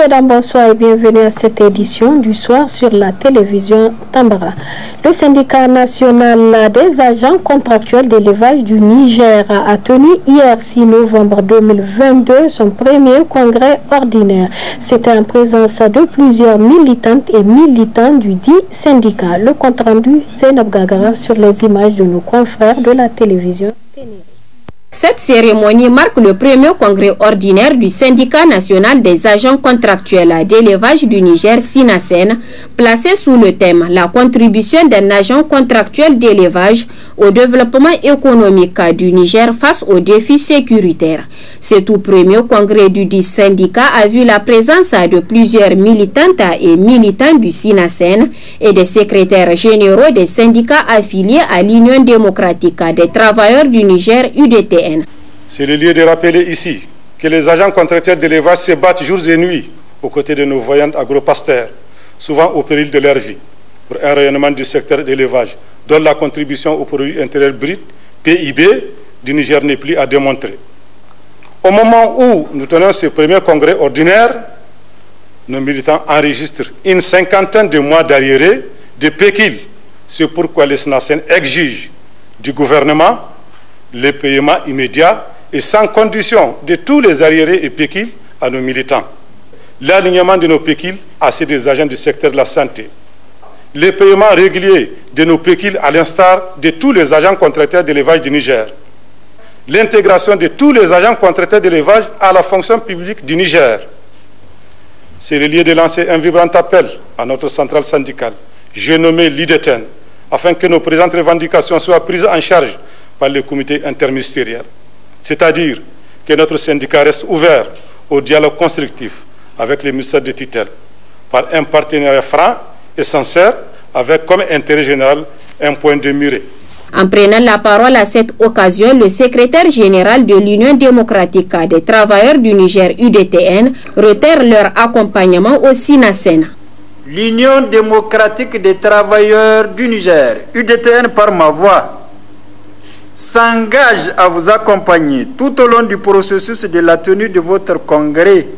Mesdames, bonsoir et bienvenue à cette édition du soir sur la télévision Tambara. Le syndicat national des agents contractuels d'élevage du Niger a tenu hier 6 novembre 2022 son premier congrès ordinaire. C'était en présence de plusieurs militantes et militants du dit syndicat. Le compte rendu, Zenob Gagara sur les images de nos confrères de la télévision cette cérémonie marque le premier congrès ordinaire du syndicat national des agents contractuels d'élevage du Niger Sinasen, placé sous le thème « La contribution d'un agent contractuel d'élevage au développement économique du Niger face aux défis sécuritaires ». Ce tout premier congrès du 10 syndicat a vu la présence de plusieurs militantes et militants du Sinasen et des secrétaires généraux des syndicats affiliés à l'Union démocratique des travailleurs du Niger UDT c'est le lieu de rappeler ici que les agents contracteurs de l'élevage se battent jour et nuit aux côtés de nos voyantes agropasteurs, souvent au péril de leur vie, pour un rayonnement du secteur d'élevage, dont la contribution au produit intérieur brut, PIB, du Niger n'est plus à démontrer. Au moment où nous tenons ce premier congrès ordinaire, nos militants enregistrent une cinquantaine de mois d'arriérés de Pékin. C'est pourquoi les SNACEN exigent du gouvernement le paiement immédiat et sans condition de tous les arriérés et péquils à nos militants, l'alignement de nos péquils à ceux des agents du secteur de la santé, les paiements réguliers de nos péquils à l'instar de tous les agents contracteurs de l'élevage du Niger, l'intégration de tous les agents contracteurs de l'élevage à la fonction publique du Niger. C'est le lieu de lancer un vibrant appel à notre centrale syndicale, j'ai nommé l'IDETEN, afin que nos présentes revendications soient prises en charge par le comité interministériel, C'est-à-dire que notre syndicat reste ouvert au dialogue constructif avec les ministères de titel par un partenariat franc et sincère avec comme intérêt général un point de murée. En prenant la parole à cette occasion, le secrétaire général de l'Union démocratique des travailleurs du Niger UDTN retire leur accompagnement au SINASEN. L'Union démocratique des travailleurs du Niger UDTN par ma voix s'engage à vous accompagner tout au long du processus de la tenue de votre congrès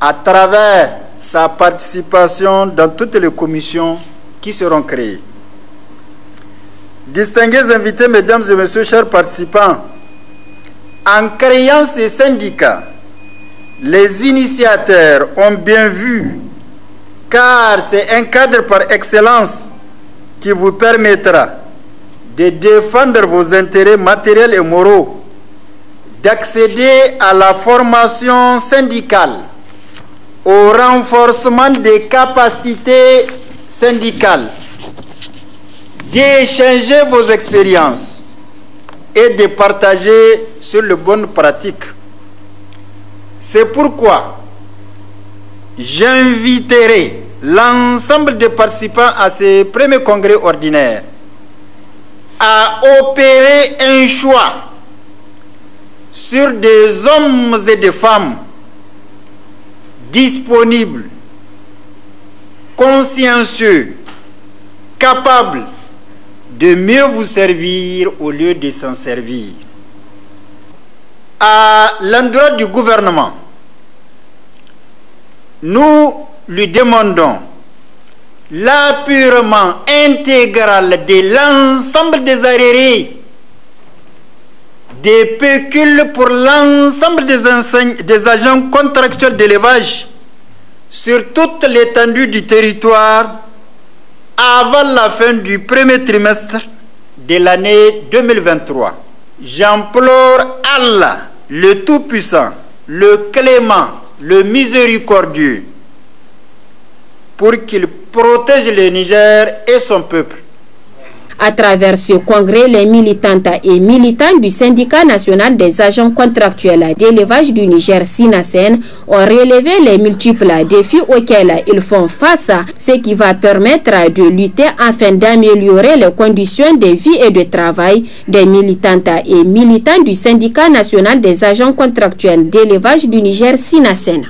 à travers sa participation dans toutes les commissions qui seront créées. Distingués invités, mesdames et messieurs, chers participants, en créant ces syndicats, les initiateurs ont bien vu, car c'est un cadre par excellence qui vous permettra de défendre vos intérêts matériels et moraux, d'accéder à la formation syndicale, au renforcement des capacités syndicales, d'échanger vos expériences et de partager sur les bonnes pratiques. C'est pourquoi j'inviterai l'ensemble des participants à ce premier congrès ordinaire à opérer un choix sur des hommes et des femmes disponibles, consciencieux, capables de mieux vous servir au lieu de s'en servir. À l'endroit du gouvernement, nous lui demandons l'appurement intégral de l'ensemble des arrêts, des pécules pour l'ensemble des, des agents contractuels d'élevage sur toute l'étendue du territoire avant la fin du premier trimestre de l'année 2023. J'implore Allah, le Tout-Puissant, le Clément, le Miséricordieux, pour qu'il protège le Niger et son peuple. À travers ce congrès, les militantes et militants du syndicat national des agents contractuels d'élevage du Niger Sinasen ont relevé les multiples défis auxquels ils font face, ce qui va permettre de lutter afin d'améliorer les conditions de vie et de travail des militantes et militants du syndicat national des agents contractuels d'élevage du Niger Sinasen.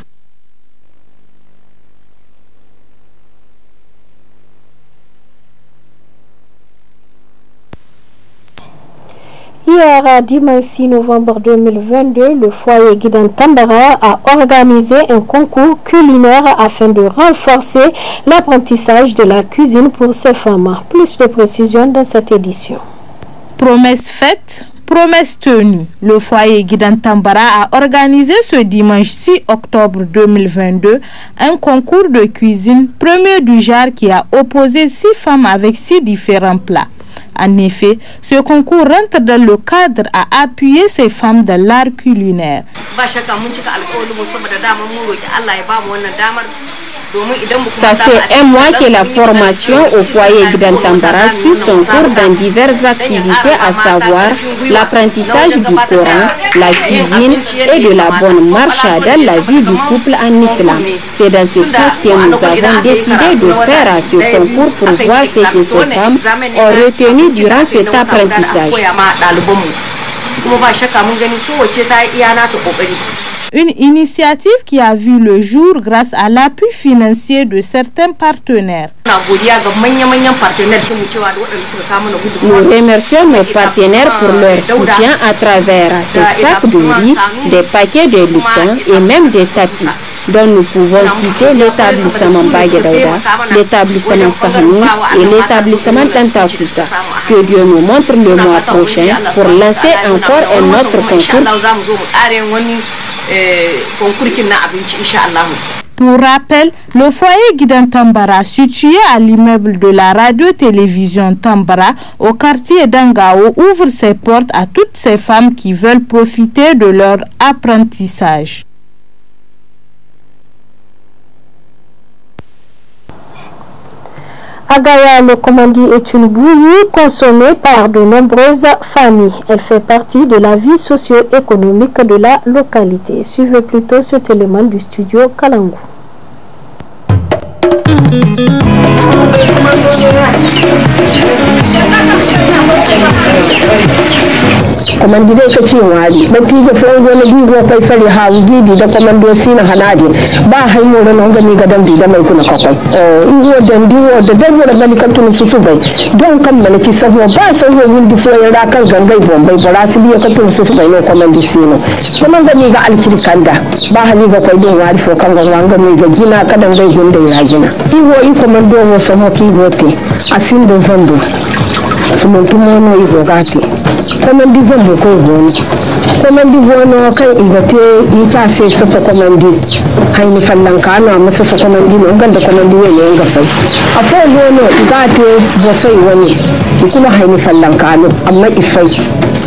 dimanche 6 novembre 2022, le foyer Guidan Tambara a organisé un concours culinaire afin de renforcer l'apprentissage de la cuisine pour ses femmes. Plus de précisions dans cette édition. Promesse faite Promesse tenue, le foyer Guidant Tambara a organisé ce dimanche 6 octobre 2022 un concours de cuisine premier du genre qui a opposé six femmes avec six différents plats. En effet, ce concours rentre dans le cadre à appuyer ces femmes de l'art culinaire. Ça fait un mois que la formation au foyer Grand suit son cours dans diverses activités, à savoir l'apprentissage du Coran, la cuisine et de la bonne marche dans la vie du couple en islam. C'est dans ce sens que nous avons décidé de faire à ce concours pour voir ce que ces femmes ont retenu durant cet apprentissage. Une initiative qui a vu le jour grâce à l'appui financier de certains partenaires. Nous remercions nos partenaires pour leur soutien à travers ces sacs de riz, des paquets de lutins et même des tapis dont nous pouvons citer l'établissement Bagadaouda, l'établissement Sahani et l'établissement Tantakusa. Que Dieu nous montre le mois prochain pour lancer encore un autre concours. E, Pour rappel, le foyer Guidant Tambara, situé à l'immeuble de la radio-télévision Tambara au quartier d'Angao, ouvre ses portes à toutes ces femmes qui veulent profiter de leur apprentissage. Agaya le commandi est une bouillie consommée par de nombreuses familles. Elle fait partie de la vie socio-économique de la localité. Suivez plutôt cet élément du studio Kalangu. komandire ike chiwali batijo fongo na gigo pa ifali ha ugidi da komandire sina hanaje ba haimo ro nonga ni gadan di da mai kuna kakwai wo dan di wo da dan wo ni kan tun su su don kan mana ki sabo ba sai wo wundi so ya kan gangai bombai bara su biya kan tun su su no komandire sina komanda ni ga alkirkanda ba hani ga kwai don wari fo kan ga wanga mi ga gina kadan gai gunda ya gina iwo i komando wo samo ki gote asin da zando nasema tumona hivyo gati kama ndivyo muko vona kama ndivyo no kai ingate ikase sasa kama ndi kai ni fallankano amma sasa kama ndi no ganda kama ndi wele nga fai afo vona gati bosai wani kuma Haini sallan kano amma ifai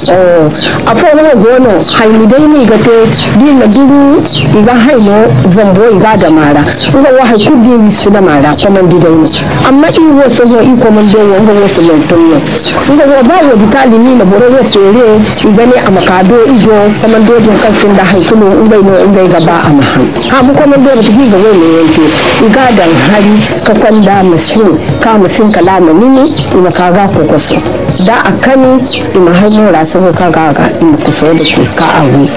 eh, a na gono Haini dai ni gate din na duru iga hayno zambo iga da mara ina wa hay kudi wisu da mara komandi dai ni amma i wo so ho i komando wo ngo wo yi lo yi ina wo ba wo bitali ni na boro wo tere iga ne amakado igo komando din kan sin da haykulu ina no ina ga ba ama ha mu komando ba tigi ga wo ne yanke iga dan hari ka kwanda masin ka masin kalama nini ina ka ga ko da a kanu ima har mora sabo ka ga ima kuso da ke ka awi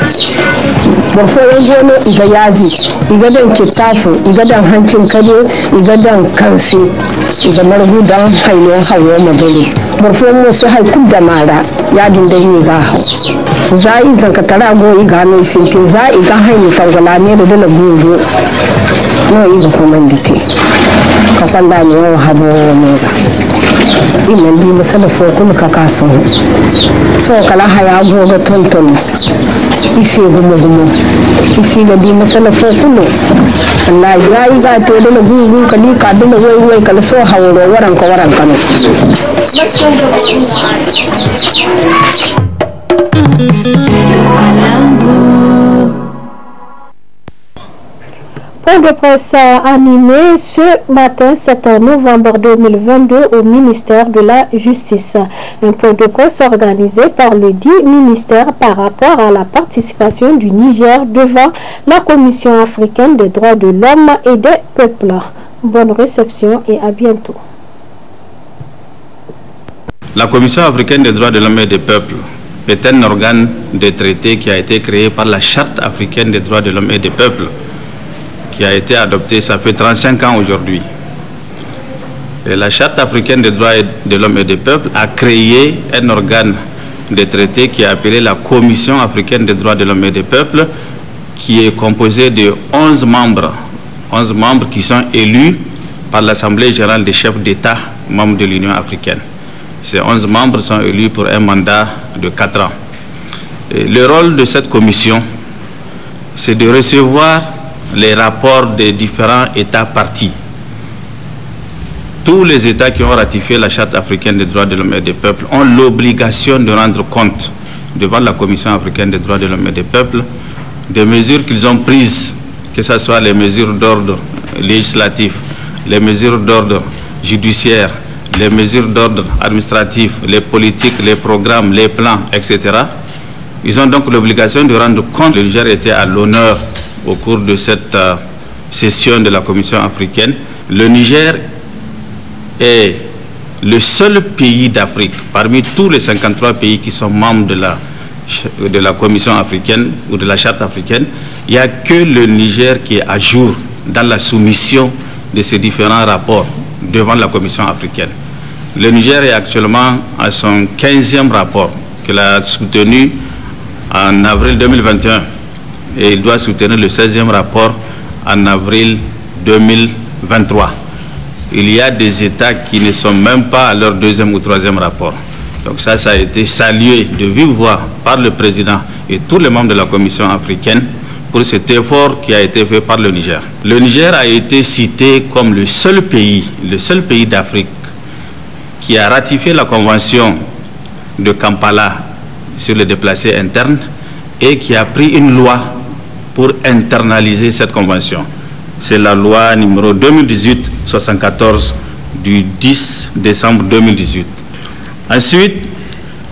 bafo ya gone iga yazi iga dan kitafu iga dan hancin kado iga dan kansi iga margu dan haino hawo magani bafo mu su haiku da mara ya dinda yi ga hau za a yi zankatara go iga mai sintin za a iga haini fangala ne da dala gobe na iga kuma dite ka ne wa habo mega inan di masa da fokun ka kaso so kala haya goga tonton ise gumo gumo isi ga di masa da fokun Allah ya yi ga to da lagu gun kali ka da lagu ruwai kala so hawo waran ka waran ka ne de presse a animé ce matin 7 novembre 2022 au ministère de la Justice. Un point de presse organisé par le dit ministère par rapport à la participation du Niger devant la Commission africaine des droits de l'homme et des peuples. Bonne réception et à bientôt. La Commission africaine des droits de l'homme et des peuples est un organe de traité qui a été créé par la Charte africaine des droits de l'homme et des peuples qui a été adoptée, ça fait 35 ans aujourd'hui. la Charte africaine des droits de l'homme et des peuples a créé un organe de traité qui est appelé la Commission africaine des droits de l'homme et des peuples, qui est composée de 11 membres, 11 membres qui sont élus par l'Assemblée générale des chefs d'État, membres de l'Union africaine. Ces 11 membres sont élus pour un mandat de 4 ans. le rôle de cette commission, c'est de recevoir les rapports des différents États partis. Tous les États qui ont ratifié la Charte africaine des droits de l'homme et des peuples ont l'obligation de rendre compte devant la Commission africaine des droits de l'homme et des peuples des mesures qu'ils ont prises, que ce soit les mesures d'ordre législatif, les mesures d'ordre judiciaire, les mesures d'ordre administratif, les politiques, les programmes, les plans, etc. Ils ont donc l'obligation de rendre compte. Le Niger était à l'honneur au cours de cette euh, session de la Commission africaine, le Niger est le seul pays d'Afrique, parmi tous les 53 pays qui sont membres de la, Commission africaine ou de la Charte africaine, il n'y a que le Niger qui est à jour dans la soumission de ces différents rapports devant la Commission africaine. Le Niger est actuellement à son 15e rapport qu'il a soutenu en avril 2021 et il doit soutenir le 16e rapport en avril 2023. Il y a des États qui ne sont même pas à leur deuxième ou troisième rapport. Donc ça, ça a été salué de vive voix par le président et tous les membres de la Commission africaine pour cet effort qui a été fait par le Niger. Le Niger a été cité comme le seul pays, le seul pays d'Afrique qui a ratifié la convention de Kampala sur les déplacés internes et qui a pris une loi pour internaliser cette convention. C'est la loi numéro 2018-74 du 10 décembre 2018. Ensuite,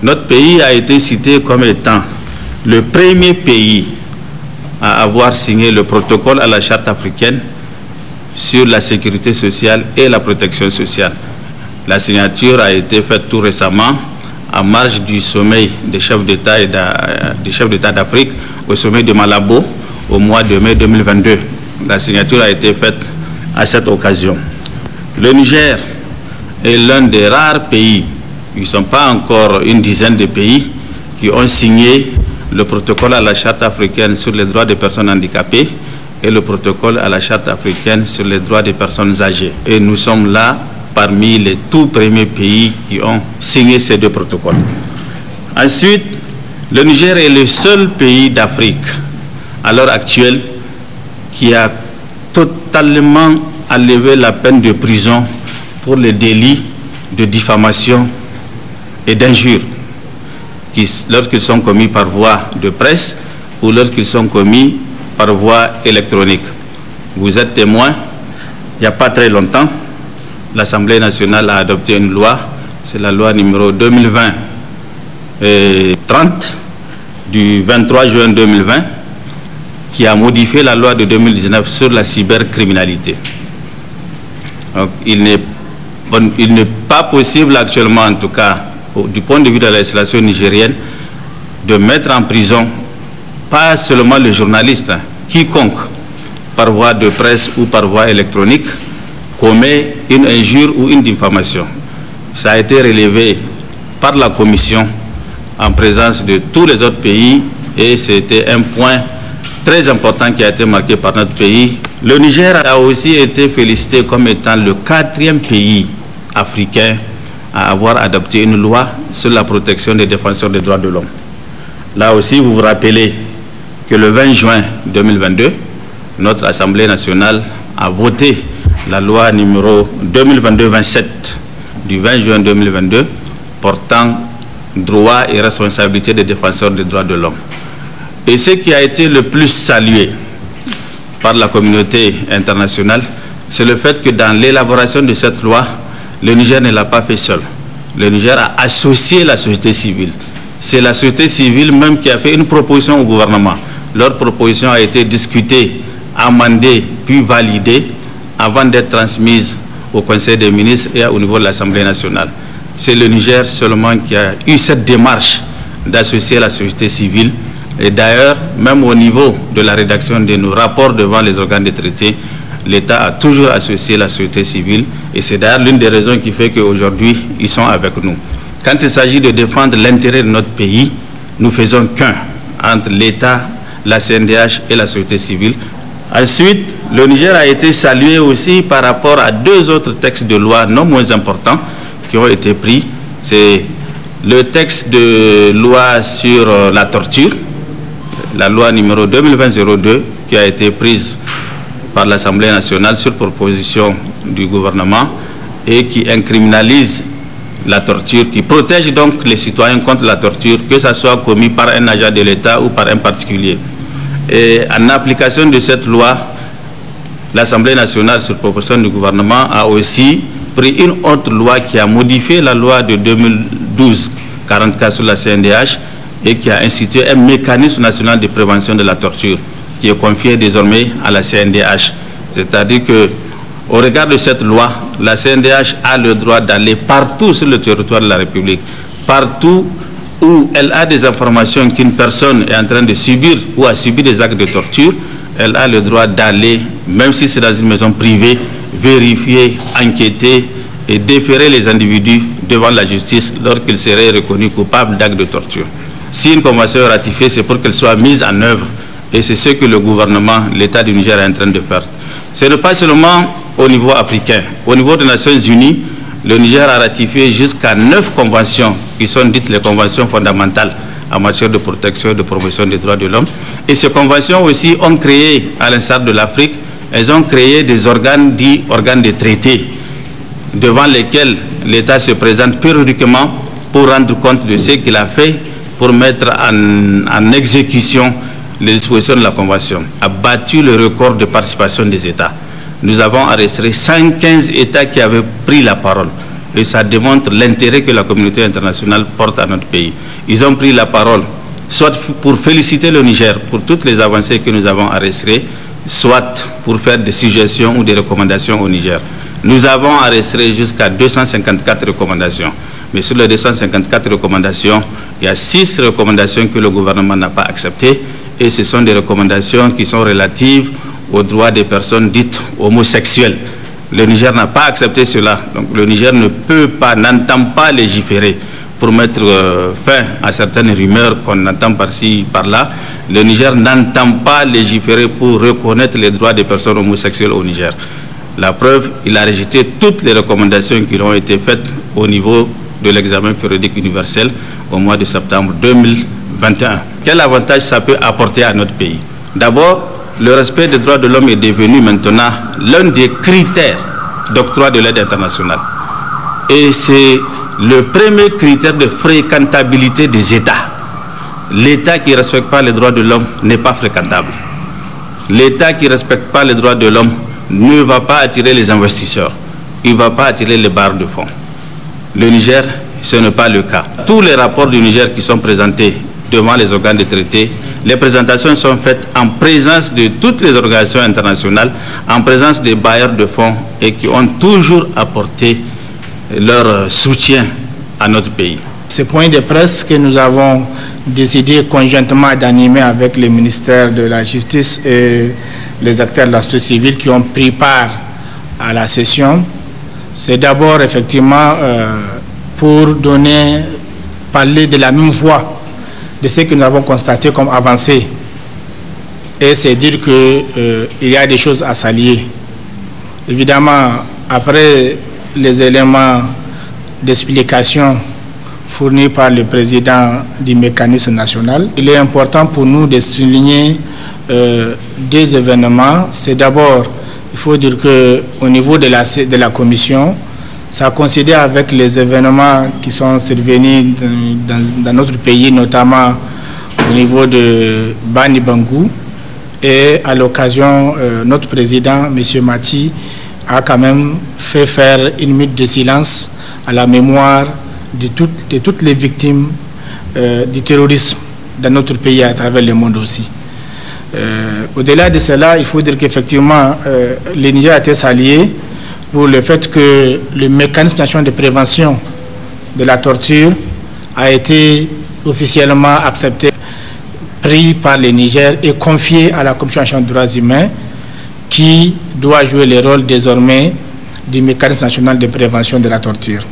notre pays a été cité comme étant le premier pays à avoir signé le protocole à la charte africaine sur la sécurité sociale et la protection sociale. La signature a été faite tout récemment à marge du sommet des chefs d'État d'Afrique au sommet de Malabo au mois de mai 2022. La signature a été faite à cette occasion. Le Niger est l'un des rares pays, ils ne sont pas encore une dizaine de pays, qui ont signé le protocole à la Charte africaine sur les droits des personnes handicapées et le protocole à la Charte africaine sur les droits des personnes âgées. Et nous sommes là parmi les tout premiers pays qui ont signé ces deux protocoles. Ensuite, le Niger est le seul pays d'Afrique à l'heure actuelle qui a totalement enlevé la peine de prison pour les délits de diffamation et d'injure lorsqu'ils sont commis par voie de presse ou lorsqu'ils sont commis par voie électronique. Vous êtes témoin, il n'y a pas très longtemps, l'Assemblée nationale a adopté une loi, c'est la loi numéro 2020 et 30 du 23 juin 2020 qui a modifié la loi de 2019 sur la cybercriminalité. il n'est pas possible actuellement, en tout cas, du point de vue de la législation nigérienne, de mettre en prison pas seulement le journaliste, hein, quiconque, par voie de presse ou par voie électronique, commet une injure ou une diffamation. Ça a été relevé par la Commission en présence de tous les autres pays et c'était un point très important qui a été marqué par notre pays. Le Niger a aussi été félicité comme étant le quatrième pays africain à avoir adopté une loi sur la protection des défenseurs des droits de l'homme. Là aussi, vous vous rappelez que le 20 juin 2022, notre Assemblée nationale a voté la loi numéro 2022-27 du 20 juin 2022 portant droit et responsabilité des défenseurs des droits de l'homme. Et ce qui a été le plus salué par la communauté internationale, c'est le fait que dans l'élaboration de cette loi, le Niger ne l'a pas fait seul. Le Niger a associé la société civile. C'est la société civile même qui a fait une proposition au gouvernement. Leur proposition a été discutée, amendée, puis validée avant d'être transmise au Conseil des ministres et au niveau de l'Assemblée nationale. C'est le Niger seulement qui a eu cette démarche d'associer la société civile et d'ailleurs, même au niveau de la rédaction de nos rapports devant les organes de traité, l'État a toujours associé la société civile et c'est d'ailleurs l'une des raisons qui fait qu'aujourd'hui, ils sont avec nous. Quand il s'agit de défendre l'intérêt de notre pays, nous faisons qu'un entre l'État, la CNDH et la société civile. Ensuite, le Niger a été salué aussi par rapport à deux autres textes de loi non moins importants qui ont été pris. C'est le texte de loi sur euh, la torture la loi numéro 2020-02 qui a été prise par l'Assemblée nationale sur proposition du gouvernement et qui incriminalise la torture, qui protège donc les citoyens contre la torture, que ce soit commis par un agent de l'État ou par un particulier. Et en application de cette loi, l'Assemblée nationale, sur proposition du gouvernement, a aussi pris une autre loi qui a modifié la loi de 2012, 44 sur la CNDH, et qui a institué un mécanisme national de prévention de la torture qui est confié désormais à la CNDH. C'est-à-dire que au regard de cette loi, la CNDH a le droit d'aller partout sur le territoire de la République, partout où elle a des informations qu'une personne est en train de subir ou a subi des actes de torture, elle a le droit d'aller, même si c'est dans une maison privée, vérifier, enquêter et déférer les individus devant la justice lorsqu'ils seraient reconnus coupables d'actes de torture. Si une convention est ratifiée, c'est pour qu'elle soit mise en œuvre. Et c'est ce que le gouvernement, l'État du Niger est en train de faire. Ce n'est pas seulement au niveau africain. Au niveau des Nations Unies, le Niger a ratifié jusqu'à neuf conventions qui sont dites les conventions fondamentales en matière de protection et de promotion des droits de l'homme. Et ces conventions aussi ont créé, à l'instar de l'Afrique, elles ont créé des organes dits organes de traité, devant lesquels l'État se présente périodiquement pour rendre compte de ce qu'il a fait pour mettre en, en exécution les dispositions de la Convention, a battu le record de participation des États. Nous avons arrêté 115 États qui avaient pris la parole. Et ça démontre l'intérêt que la communauté internationale porte à notre pays. Ils ont pris la parole, soit pour féliciter le Niger pour toutes les avancées que nous avons arrêtées, soit pour faire des suggestions ou des recommandations au Niger. Nous avons arrêté jusqu'à 254 recommandations. Mais sur les 254 recommandations, il y a six recommandations que le gouvernement n'a pas acceptées et ce sont des recommandations qui sont relatives aux droits des personnes dites homosexuelles. Le Niger n'a pas accepté cela. Donc le Niger ne peut pas, n'entend pas légiférer pour mettre euh, fin à certaines rumeurs qu'on entend par-ci, par-là. Le Niger n'entend pas légiférer pour reconnaître les droits des personnes homosexuelles au Niger. La preuve, il a rejeté toutes les recommandations qui ont été faites au niveau de l'examen périodique universel au mois de septembre 2021. Quel avantage ça peut apporter à notre pays D'abord, le respect des droits de l'homme est devenu maintenant l'un des critères d'octroi de l'aide internationale. Et c'est le premier critère de fréquentabilité des États. L'État qui ne respecte pas les droits de l'homme n'est pas fréquentable. L'État qui ne respecte pas les droits de l'homme ne va pas attirer les investisseurs. Il ne va pas attirer les barres de fonds. Le Niger ce n'est pas le cas. Tous les rapports du Niger qui sont présentés devant les organes de traité, les présentations sont faites en présence de toutes les organisations internationales, en présence des bailleurs de fonds et qui ont toujours apporté leur soutien à notre pays. Ce point de presse que nous avons décidé conjointement d'animer avec le ministère de la Justice et les acteurs de la société civile qui ont pris part à la session, c'est d'abord effectivement euh, pour donner, parler de la même voie de ce que nous avons constaté comme avancé. Et c'est dire qu'il euh, y a des choses à s'allier. Évidemment, après les éléments d'explication fournis par le président du mécanisme national, il est important pour nous de souligner euh, deux événements. C'est d'abord, il faut dire qu'au niveau de la, de la commission, ça a avec les événements qui sont survenus dans, notre pays, notamment au niveau de Bani Bangou. Et à l'occasion, euh, notre président, M. Mati, a quand même fait faire une minute de silence à la mémoire de, de toutes les victimes euh, du terrorisme dans notre pays et à travers le monde aussi. Euh, au-delà de cela, il faut dire qu'effectivement, le Niger a été s'allier pour le fait que le mécanisme national de prévention de la torture a été officiellement accepté, pris par le Niger et confié à la Commission nationale des droits humains qui doit jouer le rôle désormais du mécanisme national de prévention de la torture.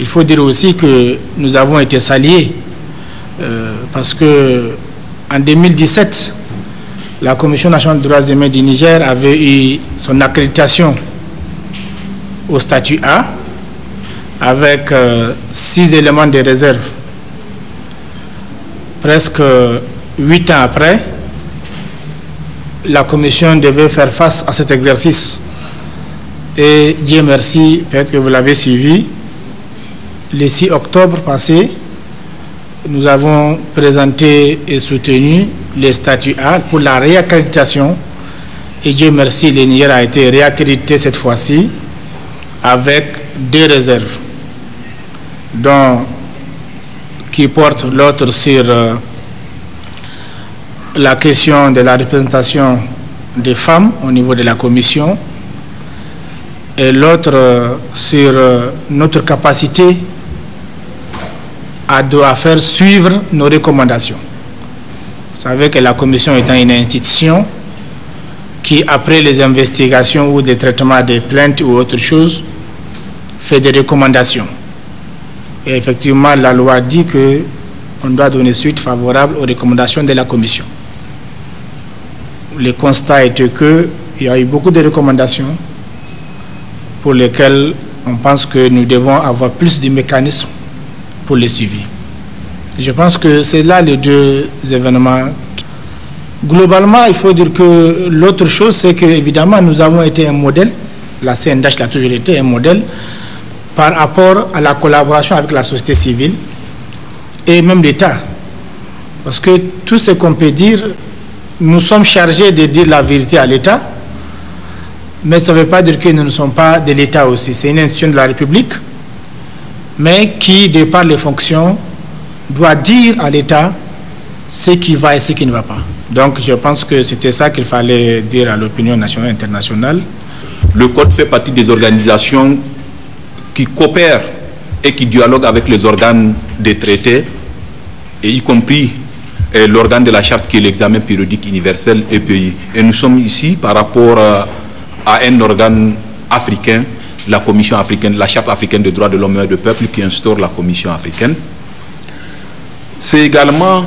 Il faut dire aussi que nous avons été saliés euh, parce que en 2017, la Commission nationale des droits humains du Niger avait eu son accréditation au statut A avec euh, six éléments de réserve. Presque huit ans après, la commission devait faire face à cet exercice. Et Dieu merci, peut-être que vous l'avez suivi, le 6 octobre passé, nous avons présenté et soutenu le statut A pour la réaccréditation. Et Dieu merci, le a été réaccrédité cette fois-ci avec deux réserves, dont qui porte l'autre sur euh, la question de la représentation des femmes au niveau de la commission et l'autre euh, sur euh, notre capacité à, à faire suivre nos recommandations. Vous savez que la commission étant une institution, qui, après les investigations ou des traitements des plaintes ou autre chose, fait des recommandations. Et effectivement, la loi dit que on doit donner suite favorable aux recommandations de la Commission. Le constat était qu'il y a eu beaucoup de recommandations pour lesquelles on pense que nous devons avoir plus de mécanismes pour les suivre. Je pense que c'est là les deux événements Globalement, il faut dire que l'autre chose, c'est que évidemment, nous avons été un modèle, la CNDH l'a toujours été un modèle, par rapport à la collaboration avec la société civile et même l'État. Parce que tout ce qu'on peut dire, nous sommes chargés de dire la vérité à l'État, mais ça ne veut pas dire que nous ne sommes pas de l'État aussi. C'est une institution de la République, mais qui, de par les fonctions, doit dire à l'État ce qui va et ce qui ne va pas. Donc je pense que c'était ça qu'il fallait dire à l'opinion nationale et internationale. Le Code fait partie des organisations qui coopèrent et qui dialoguent avec les organes des traités, y compris eh, l'organe de la charte qui est l'examen périodique universel EPI. Et nous sommes ici par rapport euh, à un organe africain, la Commission africaine, la Charte africaine des droits de l'homme et du peuple qui instaure la Commission africaine. C'est également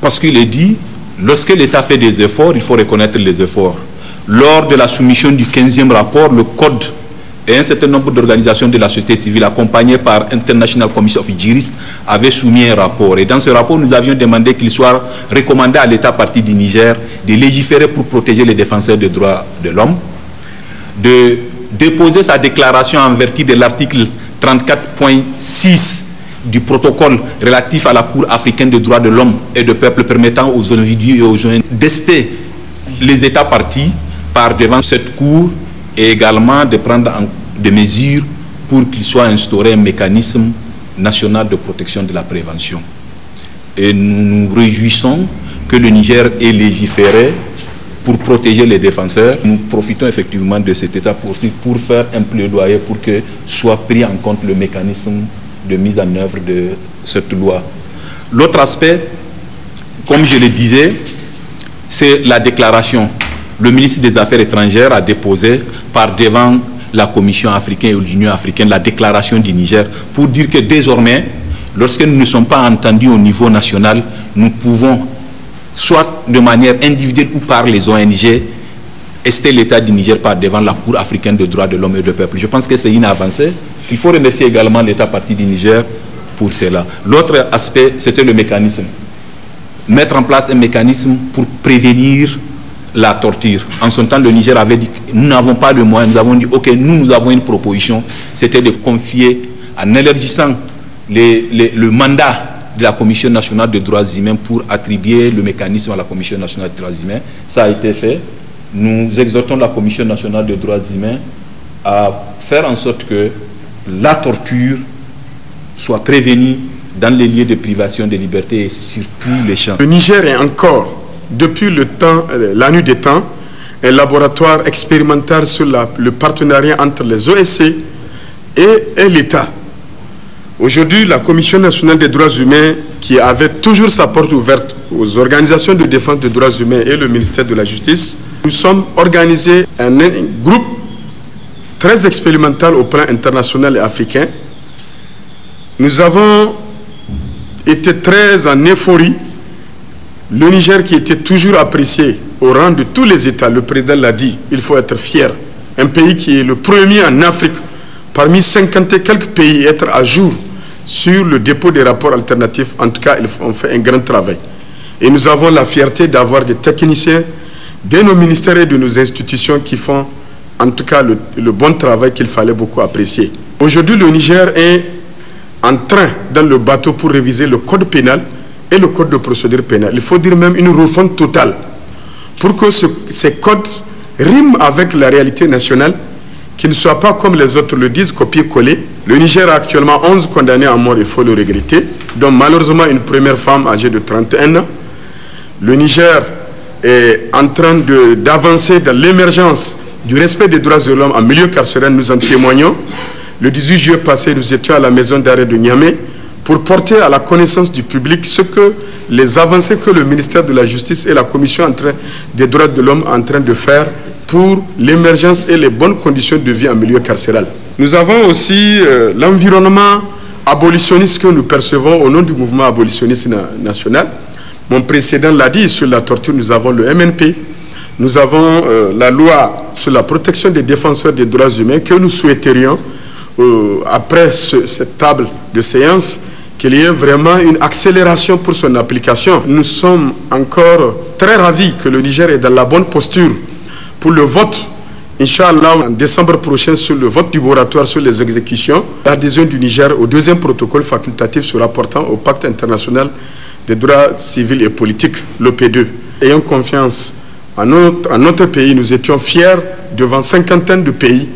parce qu'il est dit Lorsque l'État fait des efforts, il faut reconnaître les efforts. Lors de la soumission du 15e rapport, le Code et un certain nombre d'organisations de la société civile accompagnées par International Commission of Jurists avaient soumis un rapport. Et dans ce rapport, nous avions demandé qu'il soit recommandé à l'État parti du Niger de légiférer pour protéger les défenseurs des droits de l'homme, de déposer sa déclaration en vertu de l'article 34.6 du protocole relatif à la Cour africaine des droits de l'homme et de peuple permettant aux individus et aux jeunes d'ester les États partis par devant cette Cour et également de prendre des mesures pour qu'il soit instauré un mécanisme national de protection de la prévention. Et nous nous réjouissons que le Niger ait légiféré pour protéger les défenseurs. Nous profitons effectivement de cet état pour, pour faire un plaidoyer pour que soit pris en compte le mécanisme de mise en œuvre de cette loi. L'autre aspect, comme je le disais, c'est la déclaration. Le ministre des Affaires étrangères a déposé par devant la Commission africaine et l'Union africaine la déclaration du Niger pour dire que désormais, lorsque nous ne sommes pas entendus au niveau national, nous pouvons, soit de manière individuelle ou par les ONG, que l'État du Niger par devant la Cour africaine de droits de l'homme et de peuple. Je pense que c'est une avancée. Il faut remercier également l'État parti du Niger pour cela. L'autre aspect, c'était le mécanisme. Mettre en place un mécanisme pour prévenir la torture. En son temps, le Niger avait dit nous n'avons pas le moyen. Nous avons dit ok, nous, avons une proposition. C'était de confier, en élargissant le mandat de la Commission nationale des droits humains pour attribuer le mécanisme à la Commission nationale des droits humains. Ça a été fait nous exhortons la Commission nationale des droits humains à faire en sorte que la torture soit prévenue dans les lieux de privation des libertés et surtout les champs. Le Niger est encore, depuis le euh, la nuit des temps, un laboratoire expérimental sur le partenariat entre les OSC et l'État. Aujourd'hui, la Commission nationale des droits humains, qui avait toujours sa porte ouverte aux organisations de défense des droits humains et le ministère de la Justice, nous sommes organisés un groupe très expérimental au plan international et africain. Nous avons été très en euphorie. Le Niger qui était toujours apprécié au rang de tous les États, le président l'a dit, il faut être fier. Un pays qui est le premier en Afrique parmi 50 et quelques pays être à jour sur le dépôt des rapports alternatifs. En tout cas, on fait un grand travail. Et nous avons la fierté d'avoir des techniciens de nos ministères et de nos institutions qui font en tout cas le, bon travail qu'il fallait beaucoup apprécier. Aujourd'hui, le Niger est en train dans le bateau pour réviser le code pénal et le code de procédure pénale. Il faut dire même une refonte totale pour que ces codes riment avec la réalité nationale, qu'ils ne soient pas comme les autres le disent, copier-coller. Le Niger a actuellement 11 condamnés à mort, il faut le regretter, dont malheureusement une première femme âgée de 31 ans. Le Niger est en train d'avancer dans l'émergence du respect des droits de l'homme en milieu carcéral, nous en témoignons. Le 18 juillet passé, nous étions à la maison d'arrêt de Niamey pour porter à la connaissance du public ce que les avancées que le ministère de la Justice et la Commission en des droits de l'homme en train de faire pour l'émergence et les bonnes conditions de vie en milieu carcéral. Nous avons aussi euh, l'environnement abolitionniste que nous percevons au nom du mouvement abolitionniste national. Mon précédent l'a dit, sur la torture, nous avons le MNP, nous avons euh, la loi sur la protection des défenseurs des droits humains que nous souhaiterions, euh, après cette table de séance, qu'il y ait vraiment une accélération pour son application. Nous sommes encore très ravis que le Niger est dans la bonne posture pour le vote, Inch'Allah, en décembre prochain, sur le vote du moratoire sur les exécutions. L'adhésion du Niger au deuxième protocole facultatif se rapportant au pacte international des droits civils et politiques, l'OP2. Ayant confiance en notre, pays, nous étions fiers devant cinquantaine de pays.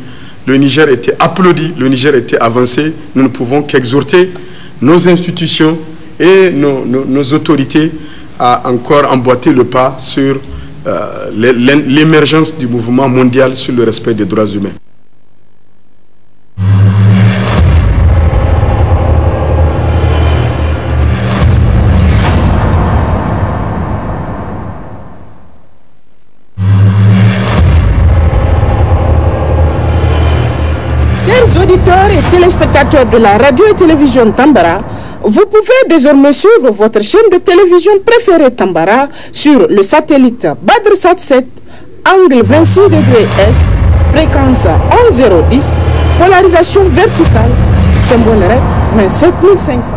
Le Niger était applaudi, le Niger était avancé. Nous ne pouvons qu'exhorter nos institutions et nos, autorités à encore emboîter le pas sur euh, l'émergence du mouvement mondial sur le respect des droits humains. spectateurs de la radio et télévision Tambara, vous pouvez désormais suivre votre chaîne de télévision préférée Tambara sur le satellite Sat 7, angle 26 degrés Est, fréquence 1010, polarisation verticale, symbole 27500.